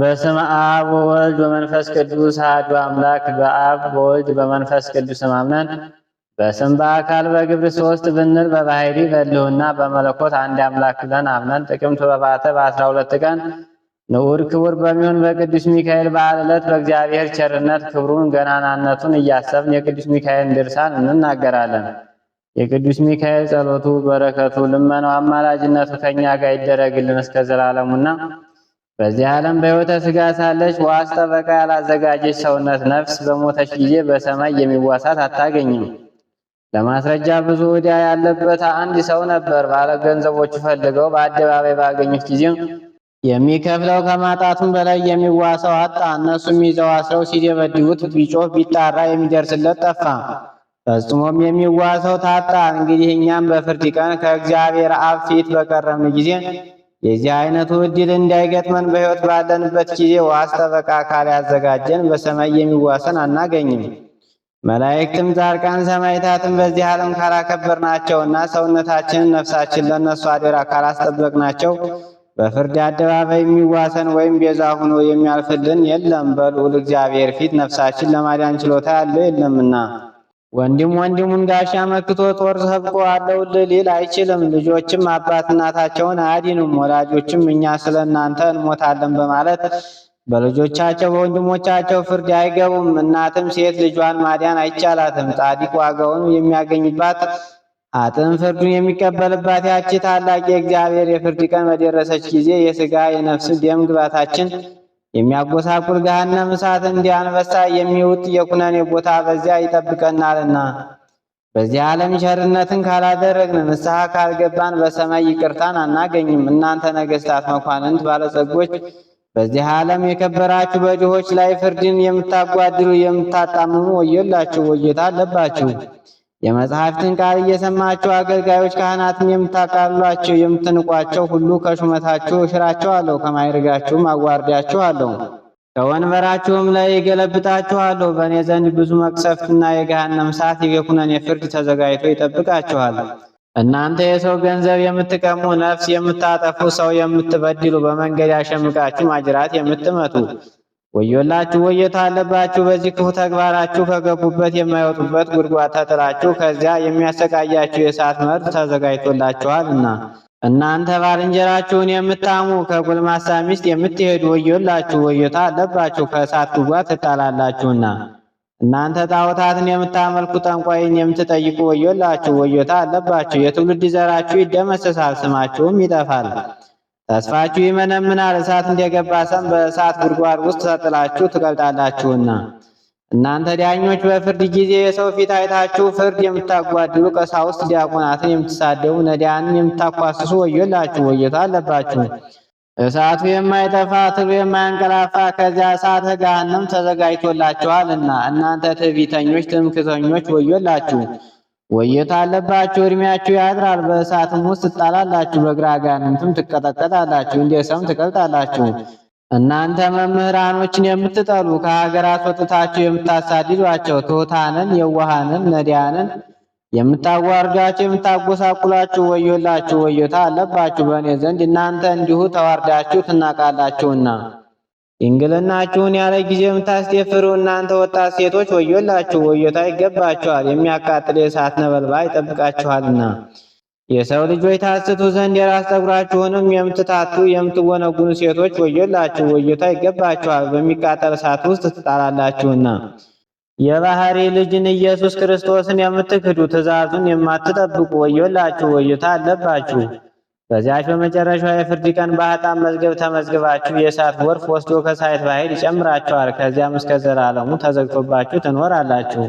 በስም አብ ወወልድ በመንፈስ ቅዱስ አሐዱ አምላክ በአብ በወልድ በመንፈስ ቅዱስ ማምነን በስም በአካል በግብር ሶስት ብንል በባህሪ በልሁና በመለኮት አንድ አምላክ ብለን አምነን ጥቅምት በባተ በአስራ ሁለት ቀን ንዑድ ክቡር በሚሆን በቅዱስ ሚካኤል በዓል ዕለት በእግዚአብሔር ቸርነት ክብሩን ገናናነቱን እያሰብን የቅዱስ ሚካኤልን ድርሳን እንናገራለን። የቅዱስ ሚካኤል ጸሎቱ፣ በረከቱ፣ ልመናው፣ አማላጅነቱ ከእኛ ጋር ይደረግልን እስከ ዘላለሙና በዚህ ዓለም በሕይወተ ሥጋ ሳለች ዋስ ጠበቃ ያላዘጋጀች ሰውነት ነፍስ በሞተች ጊዜ በሰማይ የሚዋሳት አታገኝም። ለማስረጃ ብዙ ዕዳ ያለበት አንድ ሰው ነበር። ባለ ገንዘቦቹ ፈልገው በአደባባይ ባገኙት ጊዜም የሚከፍለው ከማጣቱም በላይ የሚዋሰው አጣ። እነሱም ይዘው አስረው ሲደበድቡት ቢጮህ ቢጣራ የሚደርስለት ጠፋ። ፈጽሞም የሚዋሰው ታጣ። እንግዲህ እኛም በፍርድ ቀን ከእግዚአብሔር አብ ፊት በቀረብን ጊዜ የዚህ አይነቱ እድል እንዳይገጥመን በሕይወት ባለንበት ጊዜ ዋስ ጠበቃ ካልያዘጋጀን በሰማይ የሚዋሰን አናገኝም። መላእክትም፣ ጻድቃን፣ ሰማዕታትም በዚህ ዓለም ካላከበርናቸውና ሰውነታችንን፣ ነፍሳችን ለእነሱ አደራ ካላስጠበቅናቸው በፍርድ አደባባይ የሚዋሰን ወይም ቤዛ ሆኖ የሚያልፍልን የለም። በልዑል እግዚአብሔር ፊት ነፍሳችን ለማዳን ችሎታ ያለው የለምና ወንድም ወንድሙን ጋሻ መክቶ ጦር ሰብቆ አለውልህ ሊል አይችልም። ልጆችም አባት እናታቸውን አያድኑም። ወላጆችም እኛ ስለ እናንተ እንሞታለን በማለት በልጆቻቸው በወንድሞቻቸው ፍርድ አይገቡም። እናትም ሴት ልጇን ማዳን አይቻላትም። ጻድቅ ዋጋውን የሚያገኝባት አጥም ፍርዱን የሚቀበልባት ያቺ ታላቅ የእግዚአብሔር የፍርድ ቀን በደረሰች ጊዜ የስጋ የነፍስ ደም ግባታችን የሚያጎሳቁል ገሃነም እሳት እንዲህ አንበሳ የሚውጥ የኩነኔ ቦታ በዚያ ይጠብቀናልና። በዚህ ዓለም ቸርነትን ካላደረግን ንስሐ ካልገባን በሰማይ ይቅርታን አናገኝም። እናንተ ነገሥታት፣ መኳንንት፣ ባለጸጎች በዚህ ዓለም የከበራችሁ በድሆች ላይ ፍርድን የምታጓድሉ የምታጣምሙ ወዮላችሁ፣ ወዮታ አለባችሁ። የመጽሐፍትን ቃል እየሰማችሁ አገልጋዮች ካህናትን የምታቃሏቸው የምትንቋቸው ሁሉ ከሹመታችሁ እሽራቸዋለሁ፣ ከማዕርጋችሁም አዋርዳችኋለሁ፣ ከወንበራችሁም ላይ ይገለብጣችኋለሁ። በእኔ ዘንድ ብዙ መቅሰፍትና የገሃነም ሰዓት የኩነን የፍርድ ተዘጋጅቶ ይጠብቃችኋል። እናንተ የሰው ገንዘብ የምትቀሙ፣ ነፍስ የምታጠፉ፣ ሰው የምትበድሉ፣ በመንገድ ያሸምቃችሁ ማጅራት የምትመቱ ወዮላችሁ ወየታ አለባችሁ! በዚህ ክፉ ተግባራችሁ ከገቡበት የማይወጡበት ጉድጓድ ተጥላችሁ ከዚያ የሚያሰቃያችሁ የእሳት መርዝ እና እናንተ ባልንጀራችሁን የምታሙ ከጎልማሳ ሚስት የምትሄዱ ወዮላችሁ ወየታ አለባችሁ! ከእሳት ጉድጓድ ትጣላላችሁና። እናንተ ጣዖታትን የምታመልኩ ጠንቋይን የምትጠይቁ ወዮላችሁ ወዮታ አለባችሁ! የትውልድ ዘራችሁ ይደመሰሳል፣ ስማችሁም ይጠፋል። ተስፋችሁ ይመነምናል። እሳት እንደገባ ሰም በእሳት ጉድጓድ ውስጥ ተጥላችሁ ትቀልጣላችሁና። እናንተ ዳኞች በፍርድ ጊዜ የሰው ፊት አይታችሁ ፍርድ የምታጓድሉ ቀሳውስት፣ ዲያቆናትን የምትሳደቡ፣ ነዳያንን የምታኳስሱ ወዮላችሁ፣ ወዮታ አለባችሁ። እሳቱ የማይጠፋ ትሉ የማያንቀላፋ ከዚያ እሳተ ገሃነም ተዘጋጅቶላችኋልና። እናንተ ትዕቢተኞች፣ ትምክተኞች ወዮላችሁ። ወየት አለባችሁ እድሜያችሁ ያድራል በእሳትም ውስጥ ትጣላላችሁ፣ በግራ አጋንንትም ትቀጠቀጣላችሁ፣ እንደ ሰም ትቀልጣላችሁ። እናንተ መምህራኖችን የምትጠሉ ከሀገራት ወጥታችሁ የምታሳድዷቸው ትሑታንን፣ የዋሃንን፣ ነዳያንን የምታዋርዷቸው የምታጎሳቁላችሁ ወዮላችሁ፣ ወዮታ አለባችሁ በእኔ ዘንድ እናንተ እንዲሁ ተዋርዳችሁ ትናቃላችሁና። ድንግልናችሁን ያለ ጊዜ የምታስደፍሩ እናንተ ወጣት ሴቶች ወዮላችሁ፣ ወዮታ ይገባችኋል፤ የሚያቃጥል የእሳት ነበልባል ይጠብቃችኋልና። የሰው ልጆች ታስቱ ዘንድ የራስ ጠጉራችሁንም የምትታቱ የምትጎነጉኑ ሴቶች ወዮላችሁ፣ ወዮታ ይገባችኋል፤ በሚቃጠል እሳት ውስጥ ትጣላላችሁና። የባህሪ ልጅን ኢየሱስ ክርስቶስን የምትክዱ ትእዛዙን የማትጠብቁ ወዮላችሁ፣ ወዮታ አለባችሁ። በዚያች በመጨረሻ የፍርድ ቀን በኃጥአን መዝገብ ተመዝግባችሁ የእሳት ወርፍ ወስዶ ከሳይት ባሕር ይጨምራችኋል። ከዚያም እስከ ዘላለሙ ተዘግቶባችሁ ትኖራላችሁ።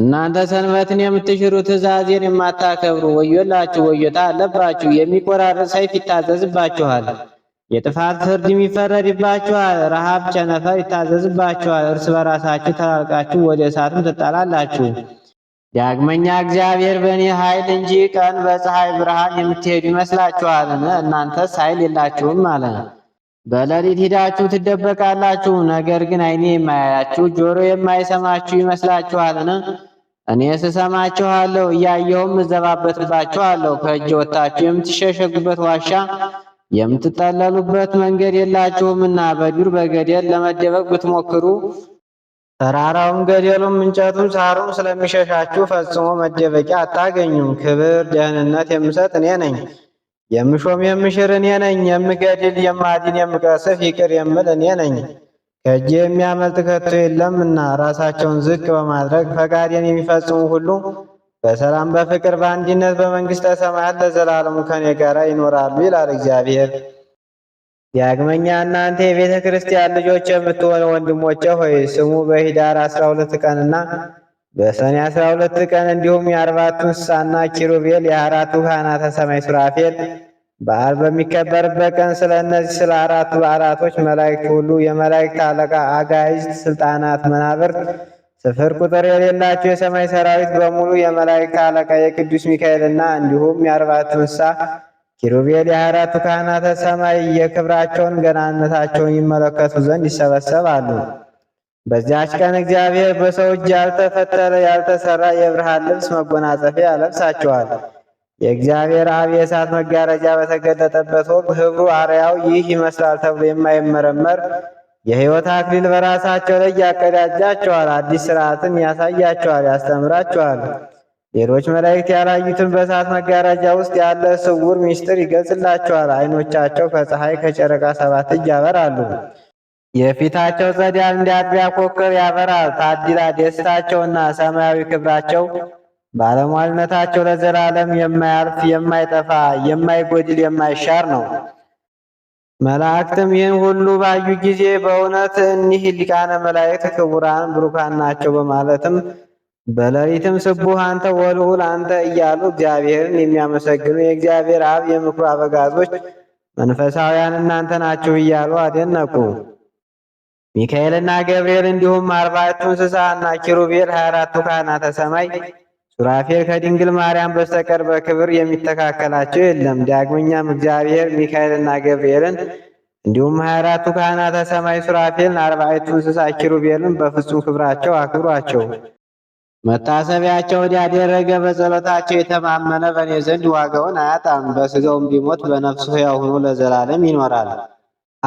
እናንተ ሰንበትን የምትሽሩ ትእዛዜን የማታከብሩ ወዮላችሁ፣ ወዮታ አለባችሁ። የሚቆራርጥ ሰይፍ ይታዘዝባችኋል። የጥፋት ፍርድ የሚፈረድባችኋል። ረሃብ፣ ቸነፈር ይታዘዝባችኋል። እርስ በራሳችሁ ተላልቃችሁ ወደ እሳትም ትጣላላችሁ። ዳግመኛ እግዚአብሔር በእኔ ኃይል እንጂ ቀን በፀሐይ ብርሃን የምትሄዱ ይመስላችኋልን? እናንተስ ኃይል የላችሁም አለ። በሌሊት ሂዳችሁ ትደበቃላችሁ። ነገር ግን ዓይኔ የማያያችሁ ጆሮ የማይሰማችሁ ይመስላችኋልን? እኔ ስሰማችኋለሁ፣ እያየሁም እዘባበትባችኋለሁ። ከእጅ ወጥታችሁ የምትሸሸጉበት ዋሻ የምትጠለሉበት መንገድ የላችሁምና በዱር በገደል ለመደበቅ ብትሞክሩ ተራራውም ገደሉም እንጨቱም ሳሩም ስለሚሸሻችሁ ፈጽሞ መደበቂያ አታገኙም። ክብር ደህንነት የምሰጥ እኔ ነኝ። የምሾም የምሽር እኔ ነኝ። የምገድል የማድን የምቀስፍ ይቅር የምል እኔ ነኝ። ከእጅ የሚያመልጥ ከቶ እና ራሳቸውን ዝቅ በማድረግ ፈቃዴን የሚፈጽሙ ሁሉ በሰላም በፍቅር በአንድነት በመንግሥተ ሰማያት ለዘላለሙ ከኔ ጋር ይኖራሉ ይላል እግዚአብሔር። ዳግመኛ እናንተ የቤተ ክርስቲያን ልጆች የምትሆኑ ወንድሞቼ ሆይ ስሙ በኅዳር 12 ቀንና በሰኔ 12 ቀን እንዲሁም የአርባቱ እንስሳና ኪሩቤል የአራቱ ካህናተ ሰማይ ሱራፌል በዓል በሚከበርበት ቀን ስለ እነዚህ ስለ አራቱ አራቶች መላእክት ሁሉ የመላእክት አለቃ አጋዕዝት፣ ስልጣናት መናብርት ስፍር ቁጥር የሌላቸው የሰማይ ሰራዊት በሙሉ የመላእክት አለቃ የቅዱስ ሚካኤልና እንዲሁም የአርባቱ እንስሳ ኪሩቤል የአራቱ ካህናተ ሰማይ የክብራቸውን ገናነታቸውን ይመለከቱ ዘንድ ይሰበሰባሉ። በዚያች ቀን እግዚአብሔር በሰው እጅ ያልተፈጠረ ያልተሰራ የብርሃን ልብስ መጎናጸፊያ ያለብሳቸዋል። የእግዚአብሔር አብ የእሳት መጋረጃ በተገለጠበት ወቅት ህብሩ አርያው ይህ ይመስላል ተብሎ የማይመረመር የሕይወት አክሊል በራሳቸው ላይ ያቀዳጃቸዋል። አዲስ ስርዓትን ያሳያቸዋል፣ ያስተምራቸዋል። ሌሎች መላእክት ያላዩትን በእሳት መጋረጃ ውስጥ ያለ ስውር ምስጢር ይገልጽላቸዋል። ዓይኖቻቸው ከፀሐይ ከጨረቃ ሰባት እጅ ያበራሉ። የፊታቸው ጸዳል እንደ አጥቢያ ኮከብ ያበራል። ታዲላ ደስታቸውና ሰማያዊ ክብራቸው ባለሟልነታቸው ለዘላለም የማያልፍ የማይጠፋ የማይጎድል የማይሻር ነው። መላእክትም ይህን ሁሉ ባዩ ጊዜ በእውነት እኒህ ሊቃነ መላእክት ክቡራን ብሩካን ናቸው በማለትም በሌሊትም ስቡህ አንተ ወልውል አንተ እያሉ እግዚአብሔርን የሚያመሰግኑ የእግዚአብሔር አብ የምክሩ አበጋዞች መንፈሳውያን እናንተ ናችሁ እያሉ አደነቁ። ሚካኤልና ገብርኤል እንዲሁም አርባዕቱ እንስሳ እና ኪሩቤል ሀያ አራቱ ካህናተ ሰማይ ሱራፌል ከድንግል ማርያም በስተቀር በክብር የሚተካከላቸው የለም። ዳግመኛም እግዚአብሔር ሚካኤልና ገብርኤልን እንዲሁም ሀያ አራቱ ካህናተ ሰማይ ሱራፌልን፣ አርባዕቱ እንስሳ ኪሩቤልን በፍጹም ክብራቸው አክብሯቸው። መታሰቢያቸውን ያደረገ በጸሎታቸው የተማመነ በእኔ ዘንድ ዋጋውን አያጣም። በስጋውም ቢሞት በነፍሱ ሕያው ሆኖ ለዘላለም ይኖራል።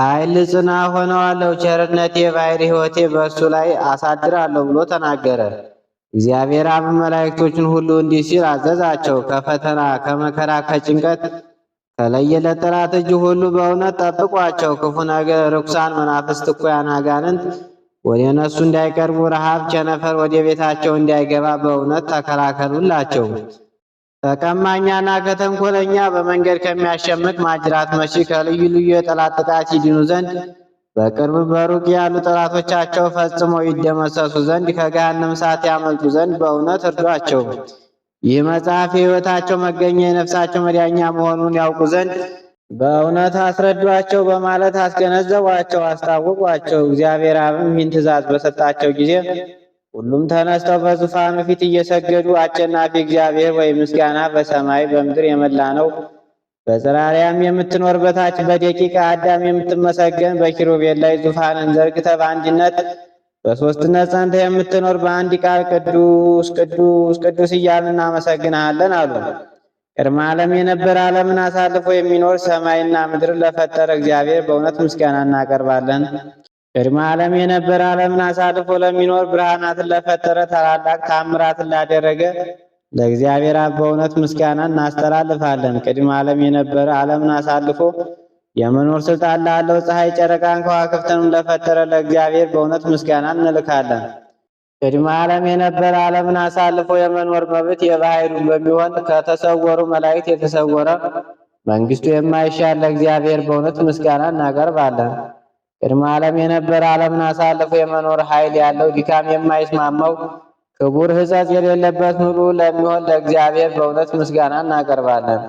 ኃይል ጽና ሆነዋለሁ፣ ቸርነቴ ባሕርይ ሕይወቴ በእሱ ላይ አሳድራለሁ ብሎ ተናገረ። እግዚአብሔር አብ መላእክቶችን ሁሉ እንዲህ ሲል አዘዛቸው። ከፈተና ከመከራ ከጭንቀት ከለየለ ጠላት እጅ ሁሉ በእውነት ጠብቋቸው። ክፉ ነገር፣ ርኩሳን መናፍስት፣ እኩያን አጋንንት ወደ እነሱ እንዳይቀርቡ ረሃብ፣ ቸነፈር ወደ ቤታቸው እንዳይገባ በእውነት ተከላከሉላቸው። ተቀማኛና ከተንኮለኛ በመንገድ ከሚያሸምቅ ማጅራት መሺ ከልዩ ልዩ የጠላት ጥቃት ይድኑ ዘንድ በቅርብ በሩቅ ያሉ ጠላቶቻቸው ፈጽሞ ይደመሰሱ ዘንድ ከገሃነም እሳት ያመልጡ ዘንድ በእውነት እርዷቸው። ይህ መጽሐፍ የሕይወታቸው መገኛ የነፍሳቸው መዳኛ መሆኑን ያውቁ ዘንድ በእውነት አስረዷቸው በማለት አስገነዘቧቸው፣ አስታወቋቸው። እግዚአብሔር አብም ይህን ትእዛዝ በሰጣቸው ጊዜ ሁሉም ተነስተው በዙፋኑ ፊት እየሰገዱ አጨናፊ እግዚአብሔር ወይ ምስጋና በሰማይ በምድር የመላ ነው። በዘራሪያም የምትኖር በታች በደቂቀ አዳም የምትመሰገን በኪሩቤል ላይ ዙፋንን ዘርግተ በአንድነት በሶስትነት ጸንተህ የምትኖር በአንድ ቃል ቅዱስ ቅዱስ ቅዱስ እያልን እናመሰግንሃለን አሉ። ቅድመ ዓለም የነበረ ዓለምን አሳልፎ የሚኖር ሰማይና ምድር ለፈጠረ እግዚአብሔር በእውነት ምስጋና እናቀርባለን። ቅድመ ዓለም የነበረ ዓለምን አሳልፎ ለሚኖር ብርሃናትን ለፈጠረ ታላላቅ ታምራትን ላደረገ ለእግዚአብሔር አብ በእውነት ምስጋና እናስተላልፋለን። ቅድመ ዓለም የነበረ ዓለምን አሳልፎ የመኖር ስልጣን ላለው ፀሐይ፣ ጨረቃን፣ ከዋክብትንም ለፈጠረ ለእግዚአብሔር በእውነት ምስጋና እንልካለን። ቅድመ ዓለም የነበረ ዓለምን አሳልፎ የመኖር መብት የባህሪው በሚሆን ከተሰወሩ መላእክት የተሰወረ መንግስቱ የማይሻል ለእግዚአብሔር በእውነት ምስጋና እናቀርባለን። ቅድመ ዓለም የነበረ ዓለምን አሳልፎ የመኖር ኃይል ያለው ድካም የማይስማማው ክቡር ሕጸጽ የሌለበት ሙሉ ለሚሆን ለእግዚአብሔር በእውነት ምስጋና እናቀርባለን።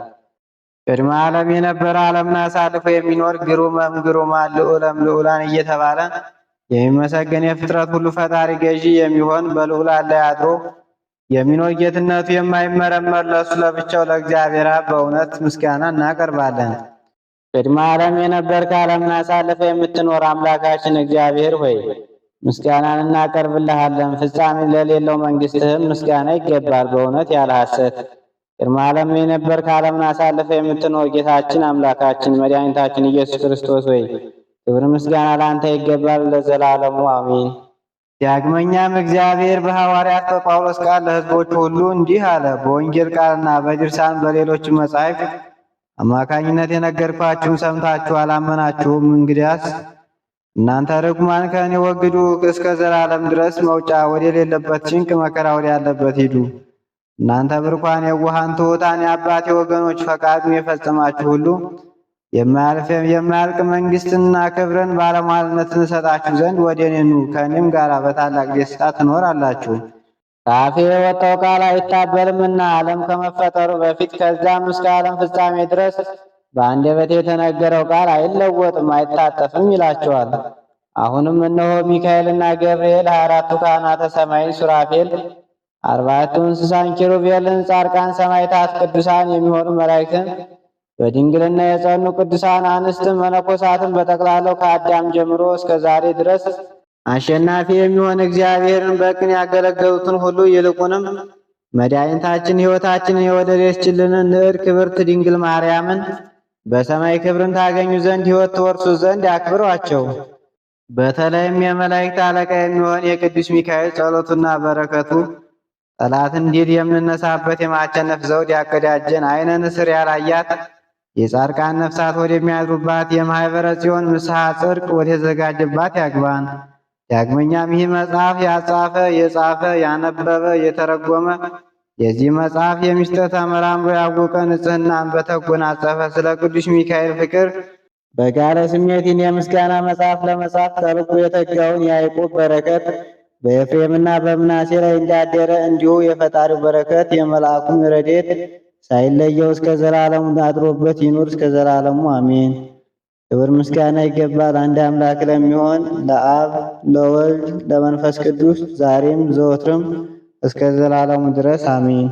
ቅድመ ዓለም የነበረ ዓለምን አሳልፎ የሚኖር ግሩመም ግሩማን ልዑለም ልዑላን እየተባለ የሚመሰገን የፍጥረት ሁሉ ፈጣሪ ገዢ የሚሆን በልዑላን ላይ አድሮ የሚኖር ጌትነቱ የማይመረመር ለእሱ ለብቻው ለእግዚአብሔር አብ በእውነት ምስጋና እናቀርባለን። ቅድመ ዓለም የነበር ዓለምን አሳልፈ የምትኖር አምላካችን እግዚአብሔር ሆይ ምስጋናን እናቀርብልሃለን። ፍጻሜ ለሌለው መንግስትህም ምስጋና ይገባል በእውነት ያልሐሰት ቅድመ ዓለም የነበር ዓለምን አሳልፈ የምትኖር ጌታችን አምላካችን መድኃኒታችን ኢየሱስ ክርስቶስ ሆይ ክብር ምስጋና ለአንተ ይገባል ለዘላለሙ አሜን። ዳግመኛም እግዚአብሔር በሐዋርያት በጳውሎስ ቃል ለህዝቦች ሁሉ እንዲህ አለ። በወንጌል ቃልና በድርሳን በሌሎች መጻሕፍት አማካኝነት የነገርኳችሁን ሰምታችሁ አላመናችሁም። እንግዲያስ እናንተ ርጉማን ከእኔ ወግዱ፣ እስከ ዘላለም ድረስ መውጫ ወደሌለበት ጭንቅ መከራ ወደ ያለበት ሂዱ። እናንተ ብርኳን የዋሃን ትሑታን የአባቴ ወገኖች ፈቃዱን የፈጸማችሁ ሁሉ የማያልቅ መንግስትና ክብርን ባለሟልነትን እሰጣችሁ ዘንድ ወደ እኔ ኑ፣ ከእኔም ጋር በታላቅ ደስታ ትኖራላችሁ። ከአፌ የወጣው ቃል አይታበልምና ዓለም ከመፈጠሩ በፊት ከዚያም እስከ ዓለም ፍጻሜ ድረስ በአንደበቴ የተነገረው ቃል አይለወጥም አይታጠፍም ይላቸዋል። አሁንም እነሆ ሚካኤልና ገብርኤል ሀያ አራቱ ካህናተ ሰማይን ሱራፌል አርባቱ እንስሳን ኪሩቤልን ጻድቃን ሰማዕታት ቅዱሳን የሚሆኑ መላእክትን በድንግልና የጸኑ ቅዱሳን አንስትም መነኮሳትም በጠቅላላው ከአዳም ጀምሮ እስከ ዛሬ ድረስ አሸናፊ የሚሆን እግዚአብሔርን በቅን ያገለገሉትን ሁሉ ይልቁንም መድኃኒታችን ሕይወታችንን የወለደችልንን ንዕድ ክብርት ድንግል ማርያምን በሰማይ ክብርን ታገኙ ዘንድ ሕይወት ትወርሱ ዘንድ አክብሯቸው። በተለይም የመላእክት አለቃ የሚሆን የቅዱስ ሚካኤል ጸሎቱና በረከቱ ጠላትን ድል የምንነሳበት የማቸነፍ ዘውድ ያቀዳጀን አይነ ንስር ያላያት የጻድቃን ነፍሳት ወደሚያድሩባት የማኅበረ ጽዮን ምስሐ ጽድቅ ወደተዘጋጀባት ያግባን። ዳግመኛም ይህ መጽሐፍ ያጻፈ፣ የጻፈ፣ ያነበበ፣ የተረጎመ የዚህ መጽሐፍ የምስጢር ተመራምሮ ያወቀ ንጽሕናን በተጎናጸፈ ስለ ቅዱስ ሚካኤል ፍቅር በጋለ ስሜት የምስጋና መጽሐፍ ለመጻፍ ጠልቆ የተጋውን የያዕቆብ በረከት በኤፍሬምና በምናሴ ላይ እንዳደረ እንዲሁ የፈጣሪው በረከት የመልአኩም ረዴት ሳይለየው እስከ ዘላለሙ አድሮበት ይኑር እስከ ዘላለሙ አሜን። ክብር ምስጋና ይገባል አንድ አምላክ ለሚሆን ለአብ ለወልድ ለመንፈስ ቅዱስ ዛሬም ዘወትርም እስከ ዘላለሙ ድረስ አሜን።